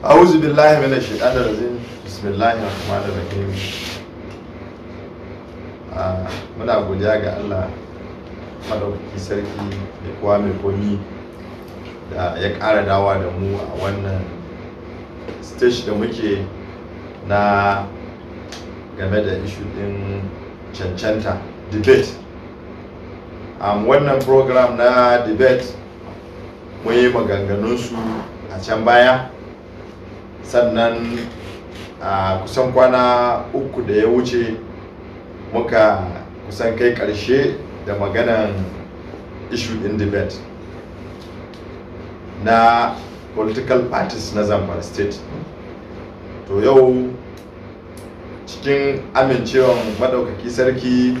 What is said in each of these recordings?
أعوذ بالله من الشيطان الرجيم بسم الله الرحمن الرحيم muna godiya ga Allah madaukaki sarki da kowa mai komi da ya ƙara dawa da mu a wannan stage da muke na game da ishu ɗin cancanta debate wannan program na debate mun yi maganganunsu a can baya sannan a kusan kwana uku da ya wuce muka kusan kai ƙarshe da maganan issue in debate na political parties na zamfara state to yau cikin amincewan maɗaukaki sarki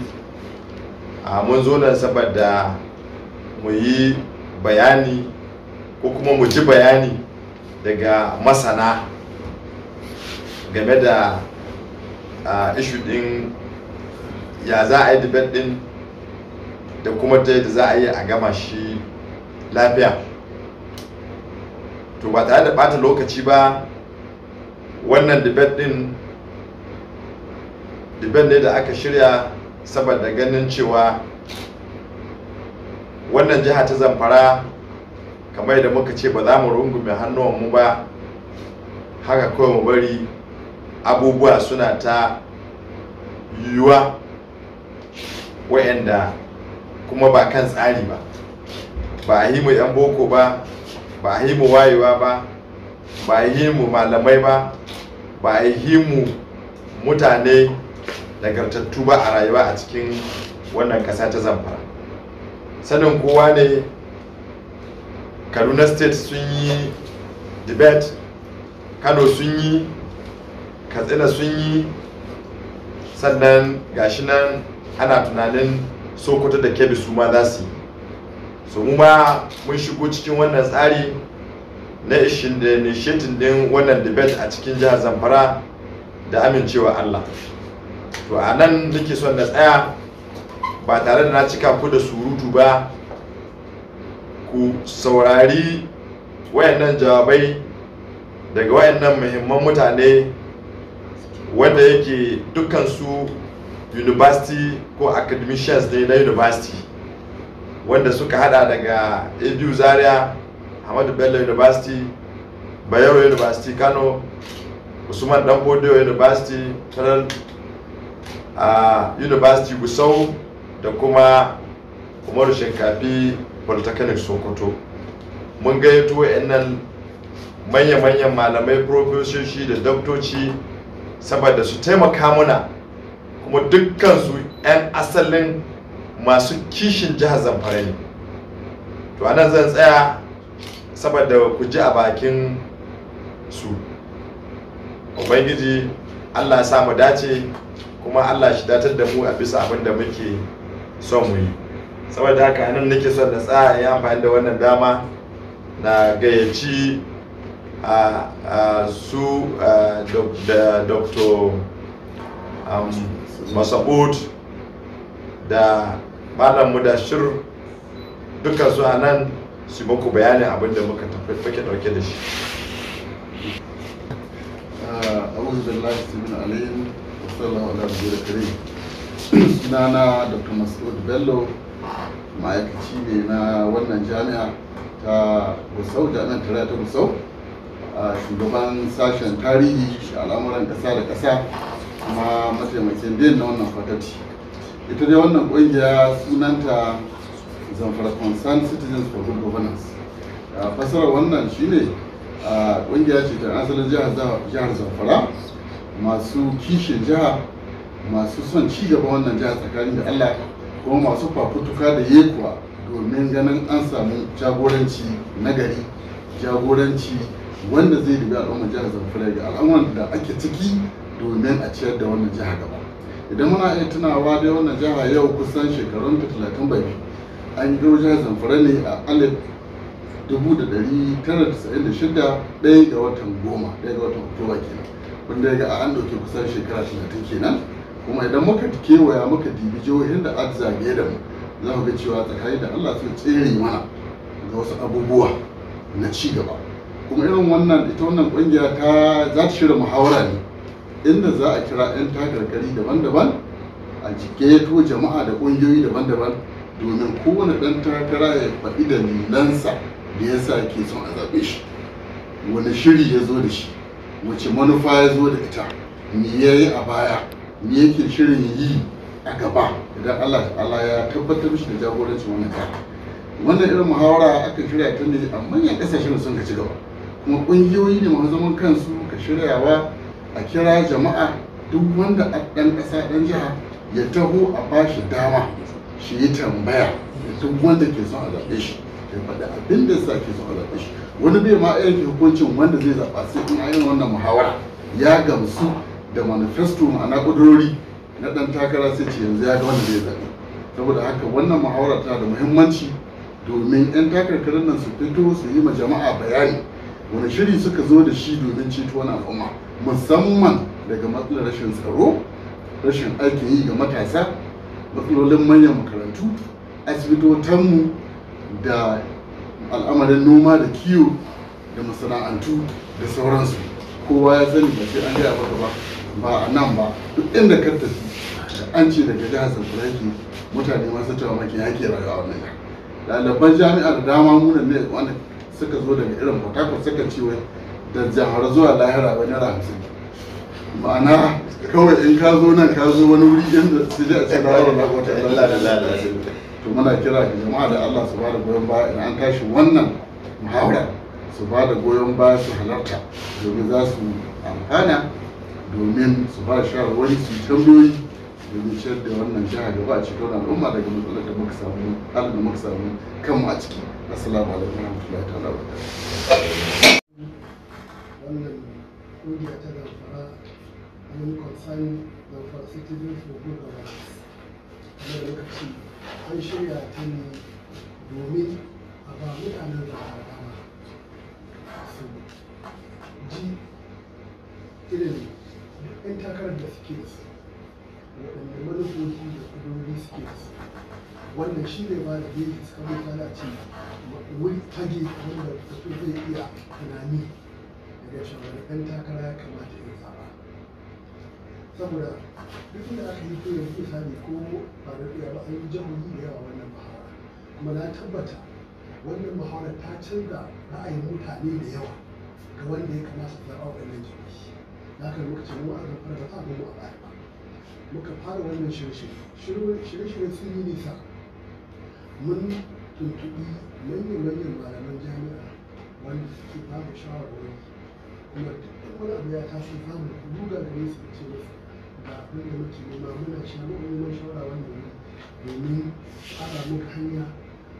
a mun zo nan saboda mu yi bayani ko kuma mu ji bayani daga masana game da ishu din ya za a yi dibet din da kuma ta yadda za a yi a gama shi lafiya to ba tare da bata lokaci ba wannan dibet din dibet ne da aka shirya saboda ganin cewa wannan jiha ta zamfara kamar yadda muka ce ba za mu rungume mu ba haka kawai mu bari abubuwa suna ta yiwuwa wa'anda kuma ba kan tsari ba ba a yi mu 'yan boko ba ba a yi mu wayewa ba ba a yi mu malamai ba ba a yi mu mutane nagartattu ba a rayuwa a cikin wannan kasa ta zamfara sanin kowa ne kaduna state sun yi debate kano sun yi katsina sun yi sannan gashi nan ana tunanin sokoto da kebbi su ma za su yi so mu ma mun shigo cikin wannan tsari na nishetin din wannan debate a cikin jihar zamfara da amincewa allah to a nan nake son na tsaya ba tare da na cika ku da surutu ba ku saurari wayannan jawabai daga wayannan muhimman mutane wanda yake dukansu university ko academicians ne na university wanda suka hada daga abu zaria hamadu bello university bayero university kano usman danfodiyo university federal uh, university gusau da kuma umaru shinkafi polytechnic sokoto mun gayyato wayannan manya-manyan malamai profesoshi da daktoci saboda su taimaka muna kuma dukkansu 'yan asalin masu kishin jihar zamfara ne to anan zan tsaya saboda ku ji a bakin su ubangiji allah sa mu dace kuma allah shi datar da mu a bisa abin da muke son mu yi saboda haka nan nake son na tsaya ya amfani da wannan dama na gayyaci a su da dr masabud da malam mudashir duka su a nan su muku bayanin abin da muka tafi dauke da shi أعوذ بالله السميع العليم وصلى الله da رسول الكريم. na Dr. مسعود Bello. ma'aikaci ne na wannan jami'a ta gusau jami'ar tara ta a shugaban sashen tarihi al'amuran ƙasa da ƙasa kuma mataimakin din na wannan fatati ita dai wannan ƙungiya sunanta zamfara concerned citizens for good governance fasarar wannan shine ƙungiya ce ta asalin jihar zamfara masu kishin jiha masu son ci gaba wannan jiha tsakanin da allah kuma masu fafutuka da kuwa domin ganin an samu jagoranci nagari jagoranci wanda zai dubi al'ummar jihar zamfara ga al'amuran da ake ciki domin a ciyar da wannan jiha gaba idan muna iya tunawa dai wannan jiha yau kusan shekarun ta talatin bai an yi jihar zamfara ne a alif 1996 ɗaya ga watan goma ɗaya ga watan oktoba kenan wanda ya ga an ɗauke kusan shekara 30 kenan kuma idan muka kewaya muka dibi jihohin da aka zage da mu za mu ga cewa tsakani da Allah sun tsere mana ga wasu abubuwa na ci gaba kuma irin wannan ita wannan kungiya ta za ta shirya muhawara ne inda za a kira 'yan takarkari daban-daban a jiketo jama'a da kungiyoyi daban-daban domin kowane ɗan takara ya faɗi dalilansa da ya sa ke son a zaɓe shi wani shiri ya zo da shi wace manufa ya zo da ita me ya yi a baya me yake shirin yi a gaba idan Allah ta'ala ya tabbatar mishi da jagoranci wannan kara wannan irin muhawara aka shirya ta ne a manyan kasashen sun ka ci gaba kuma ƙungiyoyi ne masu zaman kansu ka shiryawa a kira jama'a duk wanda a ɗan ƙasa ɗan jiha ya taho a bashi dama shi yi tambaya duk wanda ke son a zaɓe shi ya faɗi abin da sa ke son a zaɓe shi wani bai ma aiki hukuncin wanda zai zaɓa sai kuma irin wannan muhawara ya gamsu da manifesto ma'ana kudurori na ɗan takara sai ce yanzu ya ga wanda zai zabi saboda haka wannan muhawara tana da muhimmanci domin 'yan takarkarin nan su fito su yi ma jama'a bayani wani shiri suka zo da shi domin ceto wani al'umma musamman daga matsalar rashin tsaro rashin aikin yi ga matasa matsalolin manyan makarantu asibitotanmu da al'amarin noma da kiwo da masana'antu da sauransu kowa ya sani ba sai an gaya maka ba ba a nan ba duk inda ka tafi an ce daga jihar Sarfaraki mutane masu cewa maki yake rayuwa wannan ya ɗaliban jami'ar dama munan ne wanda suka zo daga irin Port suka ce wai da jihar zuwa lahira wani na hamsin ma'ana kawai in ka zo nan ka zo wani wuri inda su je a ce na yau na wata to muna kira ga jama'a da Allah su bada goyon baya idan an tashi wannan muhawara su bada goyon baya su halarta domin za su amfana domin su ba shawarwari su tambayoyi domin ciyar da wannan jiha ba a cikin al'umma daga matsalar da muka samu halin da muka samu kanmu a ciki assalamu alaikum warahmatullahi ta'ala wa wannan kungiya ta zamfara an concern zamfara citizen for good governance wanda lokaci an shirya ta ne domin a ba mutanen da ba dama su ji irin 'yan takarar da suke da su waɗanda manufofi da kudurori suke da su wannan shi ne ba da gejin suka mutane a ce wuri fage wanda mutum zai iya tunani daga cewa yan takara ya kamata ya zaba saboda duk da aka yi ko yanzu misali ko ba da ɗaya ba an yi jihohi da yawa wannan muhawara kuma na tabbata wannan muhawara ta canza ra'ayin mutane da yawa ga wanda ya kamata zaɓa waɗannan jihohi da haka lokacin ruwa aka fara da mu a baya muka fara wannan shirye-shirye shirye-shirye sun yi nisa mun tuntuɓi manyan-manyan malaman jami'a wanda suke babu shawarwari kuma duk wani abu ya taso samu da buga da ne su ce musu ga abin da muke nema muna shawo neman shawara wannan ne domin tsara muka hanya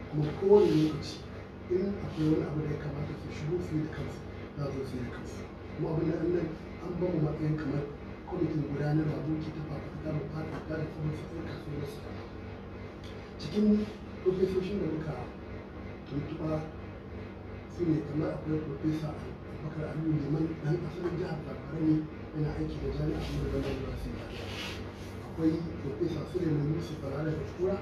kuma kowane lokaci in akwai wani abu da ya kamata su shigo su yi da kansu za su yi da kansu kuma abin da an ba mu matsayin kamar kwamitin da doki ta fafatar fafatar da kuma tsayin kasuwar su cikin profesoshin da muka tuntuɓa su ne kamar akwai profesa abubakar aliyu neman dan asalin jihar labarai ne yana aiki da jami'a kuma da wanda su akwai profesa suleiman Musu fara da tura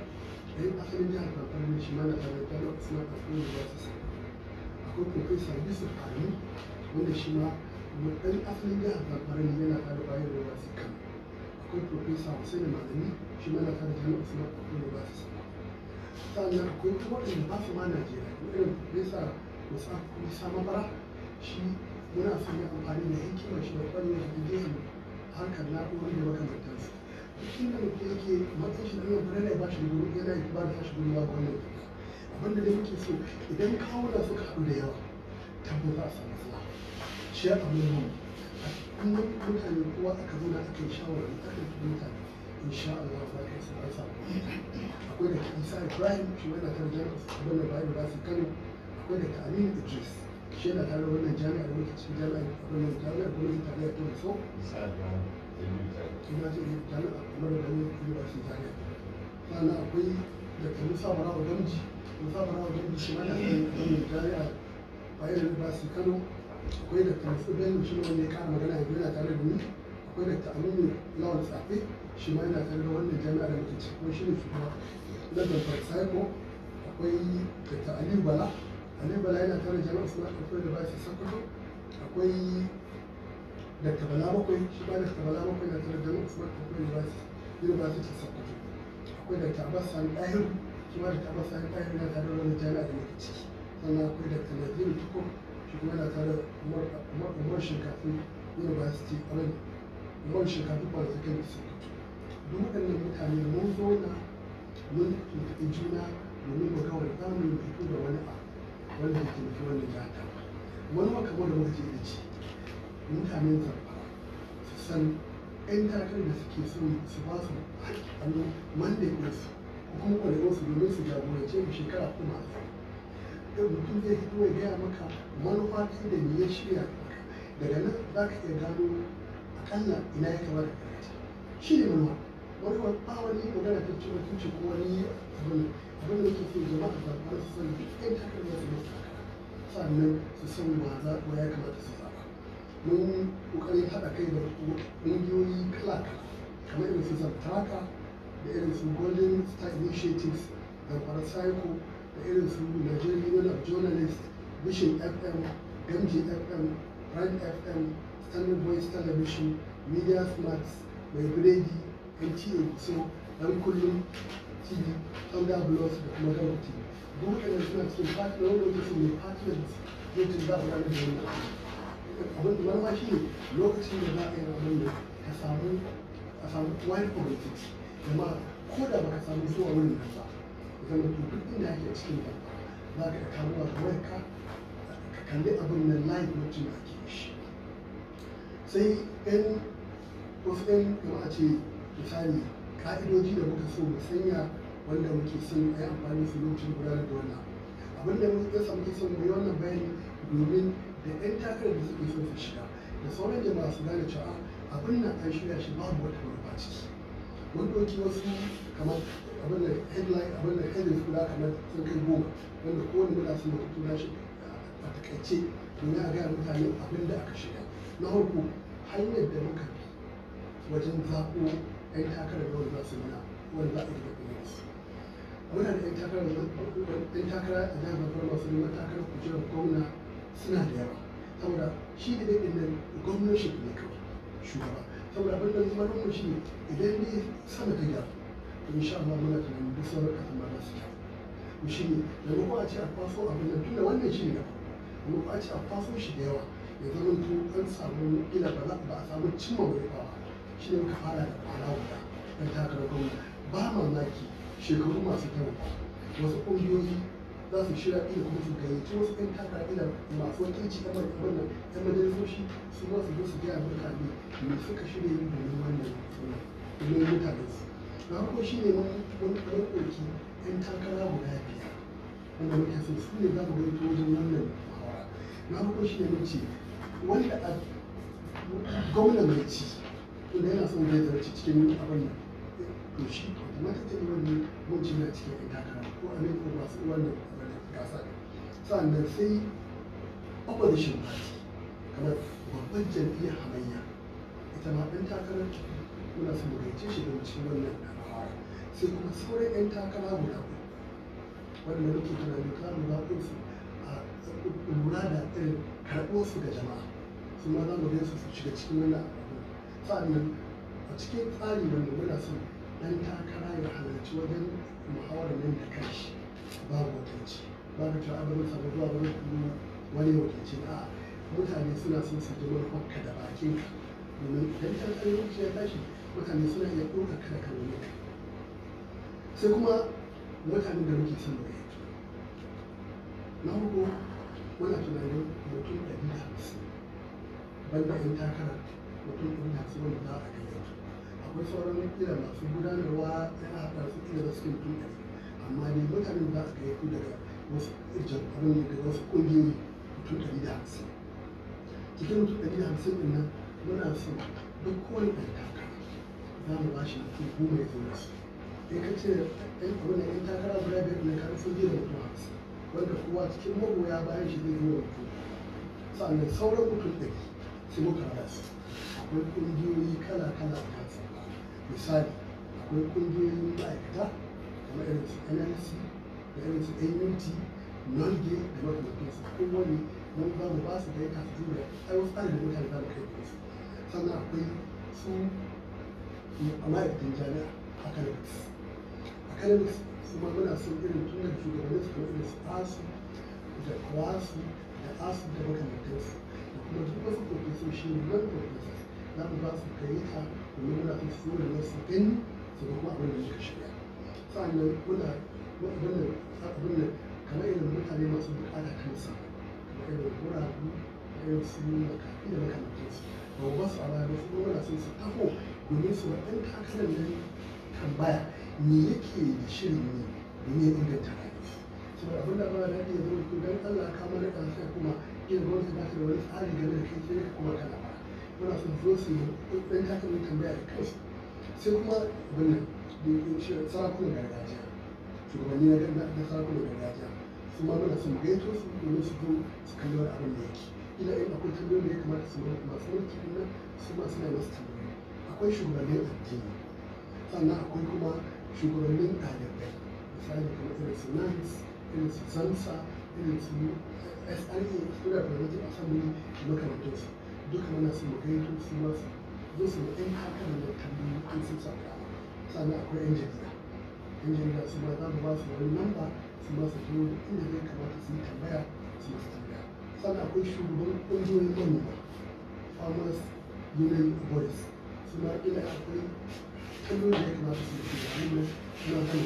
ɗayan asalin jihar labarai ne shi mana tare da jami'a kuma da wanda su akwai profesa yusuf ali wanda shi ma kuma ɗan asalin jihar zamfara ne yana tare bayan ruwa su kan akwai profesa hussein malami shi mana tare jami'a su maka kuma ruwa su sannan akwai kuma waɗanda ba su ma najeriya irin profesa musa musa mabara shi muna son ya amfani da hikima shi da shi da gehen harkar na'urar da makamantansa inda mutum yake matsayin shi da ɗan na ba shi gudun yana ba da shi gudun ba gwamnati abinda da muke so idan kawo da suka haɗu da yawa tabbata a samu shi abin mu mutane kowa aka zo ake aka yi aka yi mutane Allah za ka akwai da Isa Ibrahim shi da Kano akwai da ta Aminu Idris shi yana tare da wannan jami'ar lokacin jami'ar tare da So da kuma su akwai da Musa Musa shi da Kano akwai da tansu bayan shi wanda ya kara magana yanzu yana tare da ni akwai da ta'amini lawan tsafe shi ma yana tare da wannan jami'a da muke ciki kuma shi ne shugaba na zamfar saiko akwai da ta'aliyu bala aliyu bala yana tare da jami'a suna akwai da basu sakwato akwai da tabala bakwai shi ba da tabala bakwai yana tare da jami'a suna akwai da basu university sakwato akwai da tabbas sani ɗahiru shi ma da tabbas sani ɗahiru yana tare da wannan jami'a da muke ciki sannan akwai da tanazin tukur shi kuma yana tare da umar shinkafi university alani umar shinkafi ba da secondary school duk waɗannan mutane mun zo na mun tuntuɓi juna domin mu kawai za mu fito da wani abu wanda ke nufi wani gata wani makamar da muka ce da ci mutanen zamfara su san 'yan takarar da suke so su ba su haƙƙi wanda ya kuma su hukumar da wasu domin su jagorance mu shekara kuma a yau mutum zai fito ya gaya maka manufa da ni ya shirya daga nan za ka iya gano akalla ina ya kamata ka kace shi ne wani Wani ba wani magana ta cewa tun ce ko wani abin abin da ke so zama a ba su san duk ɗan takarda su masu sannan su san ba za ko ya kamata su zaɓa mun kokarin haɗa kai da ƙungiyoyi kala-kala kamar irin su zartaka da irin su golden star initiatives da kwarar cycle irin su Nigerian Union of Journalists, Vision FM, mg fm Prime FM, Standard Voice Television, Media smart Mai Biredi, nta so ɗan kullum TV, Thunder Blues da kuma Gama TV. Duk waɗannan suna cikin fatin wani lokaci ne fatin lokacin za a gane da wani abin da marma shi ne lokacin da za a yi ramin da ka samu a samu wild politics jama'a ko da ba ka samu zuwa wani kasa zama duk inda ake cikin da ba ka kamuwa kamar ka ka kalli abin nan live mutum da ake shi sai yan wasu yan kuma ce misali ka'idoji da muka so mu sanya wanda muke son a yi amfani su lokacin gudanar da wannan abin da muka samu ke son mu wannan bayani domin da yan takarar da suke so su shiga da sauran jama'a su gane cewa abin nan an shirya shi babu wata gurɓa ciki wasu kamar abin da headline abin da heading guda kamar sun kai goma wanda kowane matashi da hutu na shi a takaice domin a gaya mutane abin da aka shiga na farko hanyar da muka bi wajen zaɓo 'yan takarar da wanda za su nuna wanda za a yi da kuma su muna da 'yan takarar da ɗan takara a jihar Zamfara masu neman takarar kujerar gwamna suna da yawa saboda shi da daɗin nan gwamnan shi ne kawai shugaba saboda abin da zama shi idan ne sama ta gyaru insha Allah muna tunanin duk sauran kasan ba za su ta to shi ne maimakon a ce a kwaso abin da tunda wannan shi ne gaba maimakon a ce a kwaso shi da yawa ya zama to an samu ila ba ba a samu cimma wani ba shi ne muka fara da kwana guda na takarar gwamna? ba mamaki shekaru masu taimaka wasu ƙungiyoyi za su shirya ila kuma su gayyaci wasu ɗan takarar ila masu wakilci kamar wannan ɗan majalisoshi su ba su zo su gaya mutane me suka shirya yin domin wannan domin mutanen su na farko shi ne wani ɗaukoki yan takara guda biyar wanda muke so su ne za mu gaito wajen wannan muhawara na farko shi ne mace wanda a gwamna mai ci to yana son zai zarci cikin abin nan to shi mata ce wani gunci na cikin yan takara ko a ne ko masu wannan gasa sannan sai opposition party kamar babban jam'iyyar hamayya ita ma ɗan takarar kuna son mu gaice shi don cikin wannan sai kuma sauran 'yan takara guda wanda nake tunanin ka lura su a lura da irin karɓo su ga jama'a su ma za mu su su shiga cikin wannan sa'annan a cikin tsari mu muna son ɗan takara ya halarci wajen muhawar nan da kashi babu wakilci ba ka cewa abin samu zuwa wani kuma wani wakilci a mutane suna son su ji manufarka da bakinka domin idan ta tsaye ya tashi mutane suna iya ɗaukaka da kalmomin sai kuma mutane da muke son daga yanzu na hudu muna tunanin mutum ɗari da hamsin banda yan takara mutum ɗari da hamsin wanda za a kai yanzu akwai sauran kila masu gudanarwa yana haɗa su kila da suke mutum ɗari amma dai mutanen za a kai yanzu daga wasu jam'arin daga wasu ƙungiyoyi mutum ɗari da hamsin cikin mutum ɗari da hamsin ɗin nan muna son duk kowane ɗan takara za mu ba shi mutum goma ya zo masu da ka ce ɗan e u m a na ɗan takara guda biyar mai karfin zai rubutu wanda kowa cikin m a g u y a bayan shi zai rubutu sannan sauran mutum ɗ a r e su muka r a s u akwai ƙungiyoyi kala kala a kansa misali akwai ƙungiyoyin ma'aikata kamar irin su nlc da irin su nut nolge da makamantansu kowane mun ba mu ba su da ya kasu u da aiwatar s da mutane za mu kai kansu sannan akwai su ma'aikatan jami'a haka ne s irin kuma muna son irin tunan shugabannin su kamar su asu da kwasu da asu da makamantansu da kuma duk wasu profesoshi nan profesoshi za mu ba su gayyata domin muna son su da nasu gani su ga kuma abin da suka shirya sannan muna wannan abin da kamar irin mutane masu bukata kansa kamar irin guragu da irin su makafi da makamantansu ba mu ba su a baya ba su muna son su tafo domin su waɗanda takarar nan tambaya me yake da shirin ne domin ya inganta rayuwa saboda abin da ba da ya zo ku dan Allah ka mana da sai kuma yin gwamnati ba ta da wani tsari game da kai sai kuma kana ba muna son zo su dan ta kan tambaya da kai sai kuma wannan da ya ce sarakunan gargajiya shugabanni na ganda da sarakunan gargajiya su ma muna son gaito su domin su zo su kalli wani abin da yake ina in akwai tambayoyi da ya kamata su masu mulki nan su ma suna masu tambayoyi akwai shugabannin addini sannan akwai kuma shugabannin ɗalibai misali kamar irin su nans irin su sansa irin su sra da wajen assembly da makamantansu duka mana su magaito su masu zo su da ɗan hakan da kalli an su sauka sannan akwai yan jarida yan jarida su ma za mu ba su wani namba su ma su zo inda zai kamata su yi tambaya su masu tambaya sannan akwai shugaban ƙungiyoyin manoma farmers union voice su ma ina akwai kallon da ya kamata su ke da hannun na kan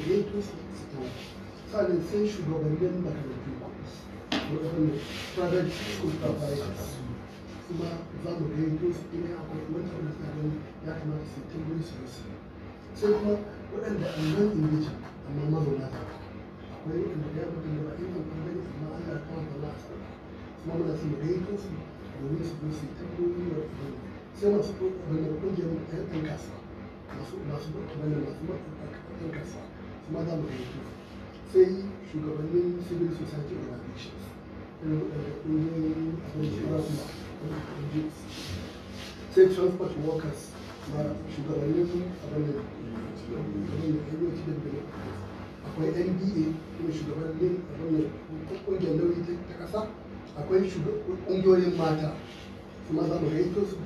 gaito su su ta sai shugabannin makarantu wadanda private school providers kuma za mu gaito su ina akwai wani abu da ya kamata su tambayi su da sai kuma waɗanda a nan ingilishi amma mazauna ta akwai waɗanda ya mutum da bakin kan kuma amma an da kawai da su kuma muna su mu gaito su domin su zo tambayi wa sai masu ƙungiyar ɗan kasuwa masu masu bane masu yan kasa ma za mu sai shugabannin civil society organizations irin waɗanda ƙungiyoyin sai da akwai nba kuma shugabannin abin da nauyi ta ƙasa akwai ƙungiyoyin mata su za mu gayyato su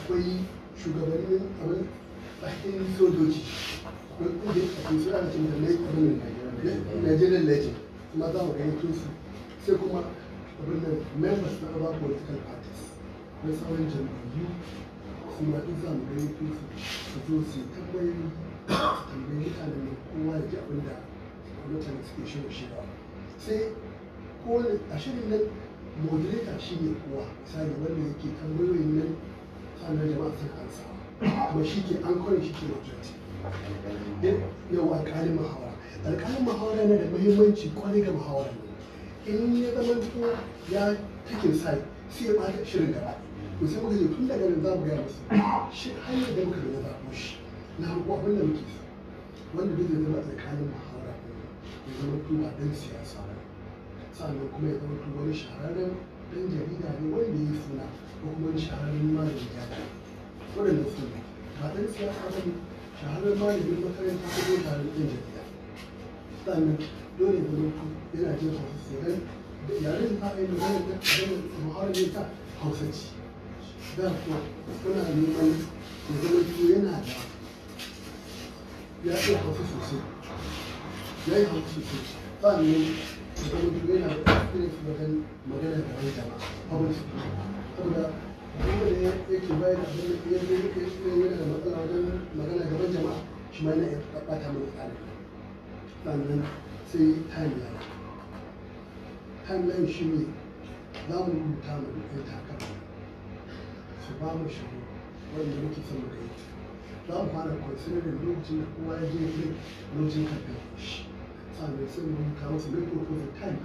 akwai shugabannin abin a cikin sojoji a cikin suna da cikin nigerian legend kuma za mu ga yankin su sai kuma abin da members na other political parties na sauran jam'iyyu su ma duk za mu ga yankin su su zo su tambayoyi tambayi mutanen da kowa ya ji abin da mutane suke shirya shiga sai kowane a shirin nan moderator shi ne kowa misali wanda yake tambayoyin nan sanar jama'a sun ansa to shi ke an kawai shi ke majority eh, yau alƙalin muhawara alƙalin muhawara yana da muhimmanci kwarai ga muhawara in ya zama ya take sai sai ya ɓata shirin gaba to sai muka ce tun daga nan za mu gaya musu shi hanyar da muka da zaɓo shi na hanko abin da muke wanda duk da zama tsakanin muhawara ya zama tuba ɗan siyasa sannan kuma ya zama tuba wani shahararren ɗan jarida ne wanda ya yi suna ko kuma wani shahararren malamin jami'a waɗanda sun yi ba ɗan siyasa ba ne shaharar malamin makaranta ko ko taron da jami'a sannan dole ya zama yana jin hausa da yaren da a yi magana da muhawarar ta hausa ce da kuwa muna neman ya zama yana da ya iya hausa sosai ya yi hausa sosai sannan ya zama yana da experience magana da wani jama'a public wanda ya ke bayar da abin da ya zai yake shi ne yana da matsala wajen magana gaban jama'a shi ma yana iya ɓata mana tsari sannan sai timeline timeline shi ne za mu rubuta mu ɗan takara su ba mu shigo wanda muke son mu kai za mu fara considering lokacin da kowa ya je ya lokacin kamfen shi sannan sai mu rubuta masa mai proposal time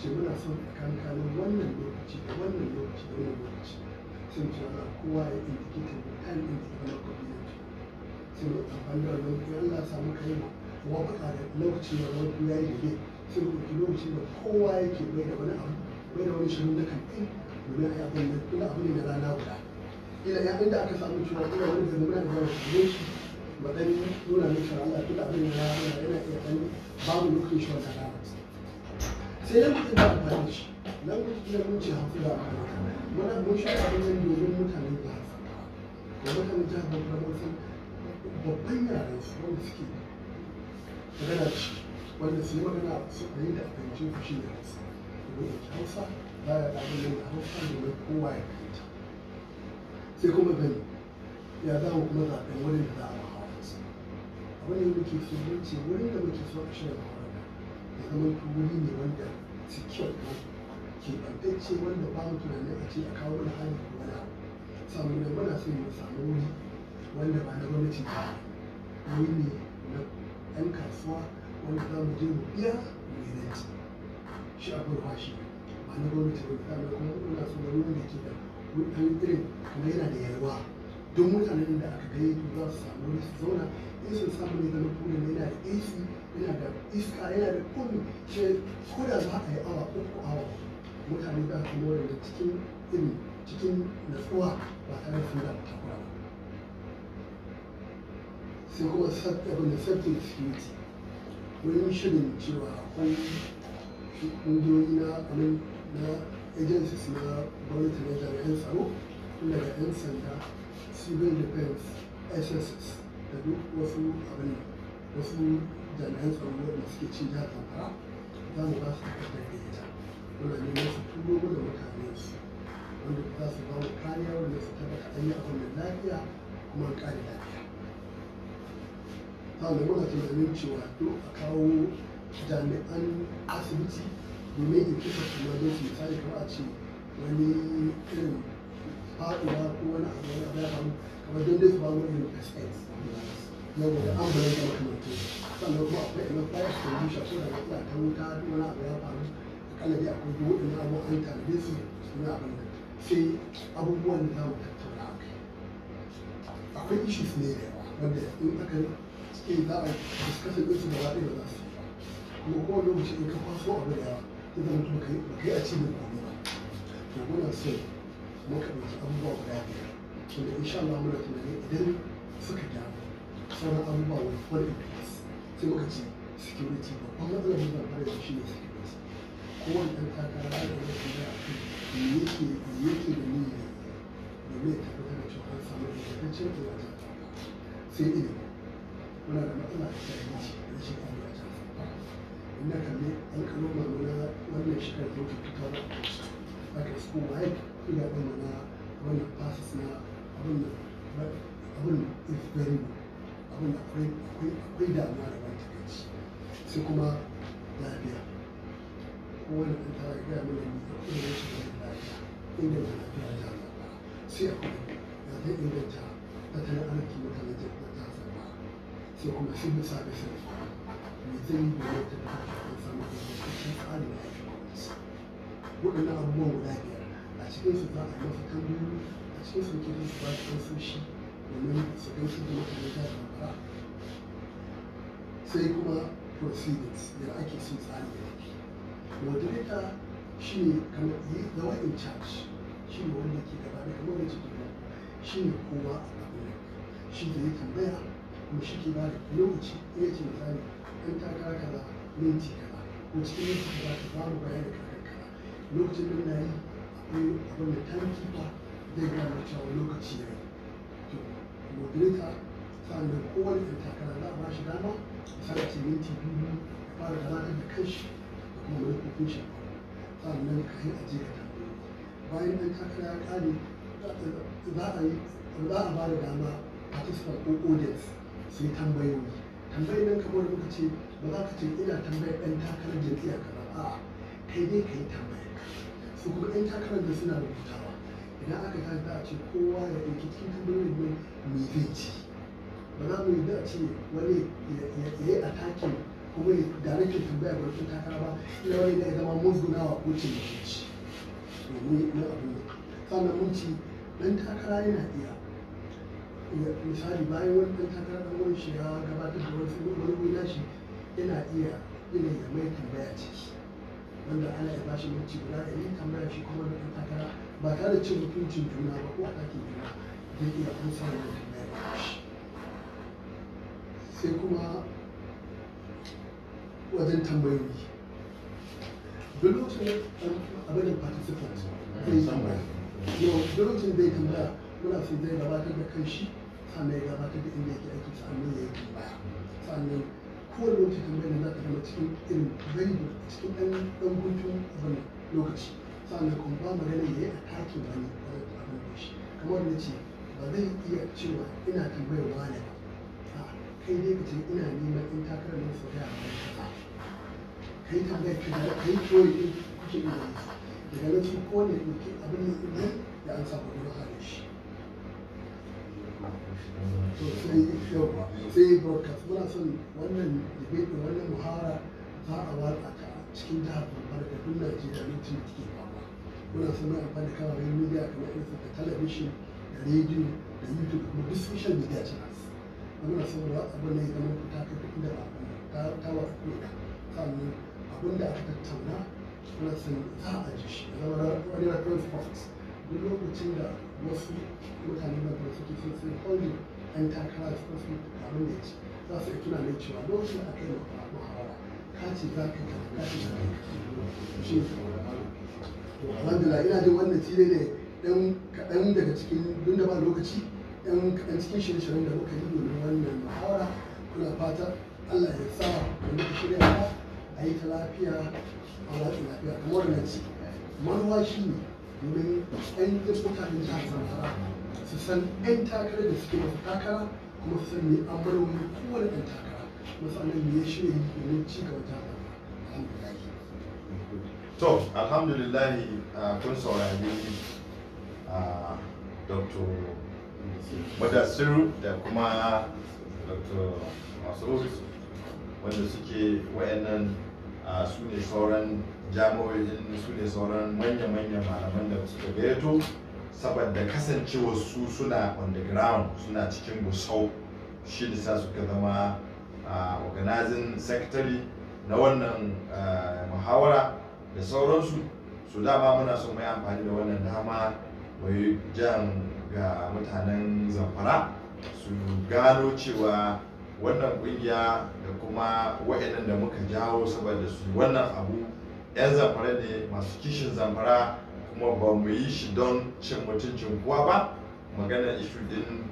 ce muna son kankanin wannan lokaci da wannan lokaci da wannan lokaci sun cewa kowa ya yi da ɗan ɗin na gwamnati sun amfani da lokaci Allah maka kai wa wafaka da lokaci da wani ya yi da sun ɗauki lokaci da kowa yake bai da wani abu bai da wani shirin da kan ɗin domin a yi abin da ina abin da rana guda ila ya inda aka samu cewa ina wani da muna da wani shirin shi ba ɗan nuna mai shirin Allah duk abin da rana yana iya ɗan babu lokacin shi wata rana sai dai mutum da a fahimci. language ɗin mun ce hafi da mana mun shi abin nan domin mutane da hafi da mutanen da hafi da wasu babban yaran su wanda suke magana da shi wanda su yi magana su yi da abinci ku shi da hausa domin da hausa ba ya da abin da hausa domin kowa ya fahimta sai kuma gani ya za mu kuma zaɓen wurin da za a hawa wasu abin da muke so mun ce wurin da muke so a shirya hawa ya zama wuri ne wanda secure ce wanda ba mu tunanin a ce a kawo wani hali ko wani samu da muna so mu samu wuri wanda ba na gwamnati ba wuri ne na ɗan kasuwa wanda za mu je mu biya mu yi renti shi a kurwa shi ba na gwamnati ba ta mai kuma muna so da wurin da ke da wurin irin kuma yana da yalwa don mutanen da aka gani to za su samu wuri su zauna in sun samu ne zama kuma yana da AC yana da iska yana da komai shi ko da za a yi awa uku awa mutane za su more da cikin iri cikin natsuwa ba tare da da takura ba sai kuma abin da safety security wurin shirin cewa akwai ƙungiyoyi na kamar na agencies na gwamnati na jami'an tsaro tun daga 'yan sanda civil defense sss da duk wasu abin wasu jami'an tsaro da suke cin jihar zamfara za mu ba su takardar da ita dole ne su turo da mutane wanda za su ba mu kariya wanda tabbata an yi abu lafiya kuma an kare lafiya tunanin cewa duk a kawo jami'an asibiti domin in kisa kuma don su misali kamar a ce wani irin faɗuwa ko wani abu wani abu ya kamar don dai su ba mu irin first aid yawon da ambulance makamantu sannan kuma akwai enough fire extinguisher so da ta wuta wani abu ya faru alabi a duk waɗannan abubuwan an tarbe su suna abin nan sai abubuwan da za mu tattauna a kai akwai issues ne da yawa wanda in aka ce za a fuskasa ɗinsu da ba ɗaya ba za su yi ba kuma kowane lokaci in ka kwaso abu da yawa ya zama mutum ba kai a cikin komai ba to muna so muka ɗauki abubuwa guda biyar tunda insha Allah muna tunanin idan suka damu sauran abubuwa wani wani sai muka ce security babban matsalar mutane da shi ne security kowane ɗan takara da ya fi da yake yake da niyya domin ya tabbatar da cewa an samu ingantaccen tsorata sai ilimi muna da matsala ta jahilci da rashin inganta inda kalli an kano mamuna wannan shekarar da ta fito a ga su kuma haik ina ɗan mana wannan fasis na abin da abin is very good abin da akwai damuwa da ban takaici sai kuma lafiya wani ta gaya mana ilimin rashin lafiya inganta lafiya ta zama sai a kuma ya zai inganta tattalin arzikin mutane ta ta zama sai kuma shi da sabi sai me zai yi da ta ta samu da cikin tsarin da ake kwanci waɗannan abubuwan guda biyar a cikin su za a mafi kalmomi a cikin su ke su ba da soshi domin su gaishe da mutane ta zama sai kuma proceedings da ake so tsari da moderator shi ne kamar the one in charge shi ne wanda ke gaba da kama kamar wajen gida shi ne kowa a abin shi da ya tambaya kuma shi ke bada lokaci ya ce misali an takara kaza minti kaza ko cikin minti kaza ka ba mu bayani kaza kaza lokacin da na yi akwai abin da tanki ba zai gaya da cewa lokaci ya yi to moderator sa'an da kowane takara za a ba shi dama misali ce minti biyu fara da zaɓar da kanshi kuma lokacin shi sannan ka yi aje ka tambayi bayan nan takara ya kare za a yi za a ba da dama participant ko audience su yi tambayoyi tambayi nan kamar muka ce ba za ka ce ina tambayar ɗan takarar jam'iyya kaza a'a kai ne ka yi tambayar su kuma ɗan takarar da suna rubutawa idan aka tashi za a ce kowa ya ɗauki cikin tambayoyin nan me zai ci ba za mu yi da a ce wani ya yi a atakin kuma ya da nake tambaya ba ta takara ba ina wani da zama muzgunawa ko ce da shi domin na abin da sannan mun ci dan takara yana iya misali bayan wani dan takara dan wani shi ya gabatar da wani wani na shi yana iya yana ya mai tambaya ciki wanda ana ya bashi ci guda da yin tambaya shi kuma na dan takara ba tare da cin mutuncin juna ba ko a ɗakin juna zai iya an samu tambaya shi sai kuma wajen tambayoyi duk lokacin abin participant zai tambaya yau duk zai tambaya muna sai zai gabatar da kan shi sannan ya gabatar da inda yake aiki sannan ya yi tambaya sannan kowane lokaci tambayar da za ta gama cikin irin very good cikin ɗan ɗan guntun abin lokaci sannan kuma ba magana ya yi a takin wani abin da shi kamar na ce ba zai iya cewa ina tambayar wani ba kai dai ka ce ina neman in takarar gaya a wani ka yi tambaya ka da ka yi kewaye ɗin kuke da yanzu daga nan ko kowane ɗauki abin da ɗin nan da an samu da wasa shi to sai yawa sai broadcast muna son wannan debate wannan muhara za a watsa ta cikin jihar Bambar da duk Najeriya lokacin da take fama muna son mai amfani da kafafen media kamar irin da talabishin da rediyo da youtube kuma duk social media channels muna son abin da ya zama ta kai kuɗi ba ta wa kuɗi abin da aka tattauna ana son za a ji shi zama wani reference point duk lokacin da wasu mutane da kuma suke sun sun holding an takara su su abin da ya ce za su yi tunanin cewa lokacin da aka yi mafi abu hawara ka ce za ka ta ka ce za ka yi shi ne to alhamdulillah ina jin wannan shi ne ɗan kaɗan daga cikin duk da ba lokaci ɗan kaɗan cikin shirye-shiryen da muka yi domin wannan muhawara kuna fata Allah ya sa wani muka shirya a yi ta lafiya a watsi lafiya kamar na ce manuwa shi ne domin yan mutanen jihar zamfara su san yan takara da suke masu takara kuma su san an bar wani kowane yan takara kuma sannan me ya shirya yi domin ci gaba jihar zamfara to alhamdulillahi kun saurari dr da kuma dr masu wanda suke wayannan su ne sauran jami'o'in su ne sauran manya-manyan malaman da suka gayyato saboda kasancewa su suna on the ground suna cikin gusau shi sa suka zama organizing secretary na wannan muhawara da sauransu su dama muna son mai amfani da wannan dama mai jan ga mutanen zamfara su gano cewa wannan kungiya da kuma wa'annan da muka jawo saboda su wannan abu 'yan zamfara ne masu kishin zamfara kuma ba mu yi shi don cin mutuncin kuwa ba magana ishu din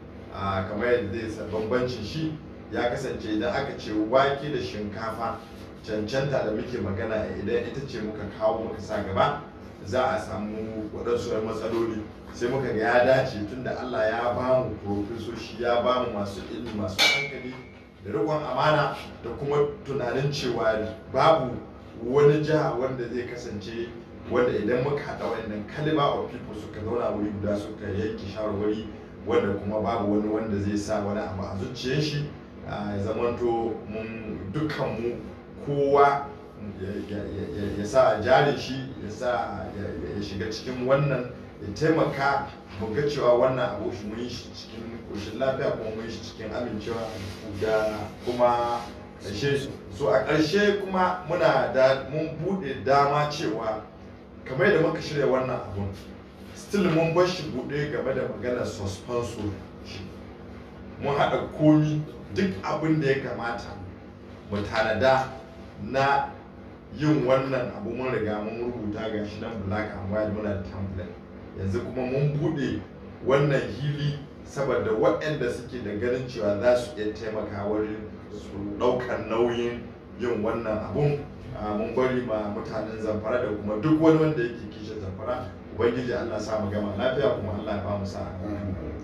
kamar yadda zai sa shi ya kasance idan aka ce wake da shinkafa cancanta da muke magana idan ita ce muka kawo muka sa gaba za a samu waɗansu yan matsaloli sai muka ga ya dace tunda Allah ya ba mu profesoshi ya ba mu masu ilimi masu hankali da riƙon amana da kuma tunanin cewa babu wani jiha wanda zai kasance wanda idan muka haɗa wannan kalima of people suka zauna wuri guda suka yanke shawarwari wanda kuma babu wani wanda zai sa wani abu a zuciyar shi ya zamanto mun dukkan mu kowa ya sa jarin shi ya sa ya shiga cikin wannan ya taimaka mu ga cewa wannan abu mun yi shi cikin koshin lafiya kuma mun shi cikin amincewa da kuma ƙarshe so a ƙarshe kuma muna da mun buɗe dama cewa kamar da muka shirya wannan abun still mun bar shi buɗe game da maganar suspenso mun haɗa komi duk abin da ya kamata mu tanada na yin wannan abu mun riga mun rubuta ga shi nan black and white muna da template yanzu kuma mun buɗe wannan hili saboda waɗanda suke da ganin cewa za su iya taimaka wajen su ɗaukar nauyin yin wannan abun mun bari ma mutanen zamfara da kuma duk wani wanda yake kishin zamfara ubangiji allah sa mu gama lafiya kuma allah ya ba mu sa'a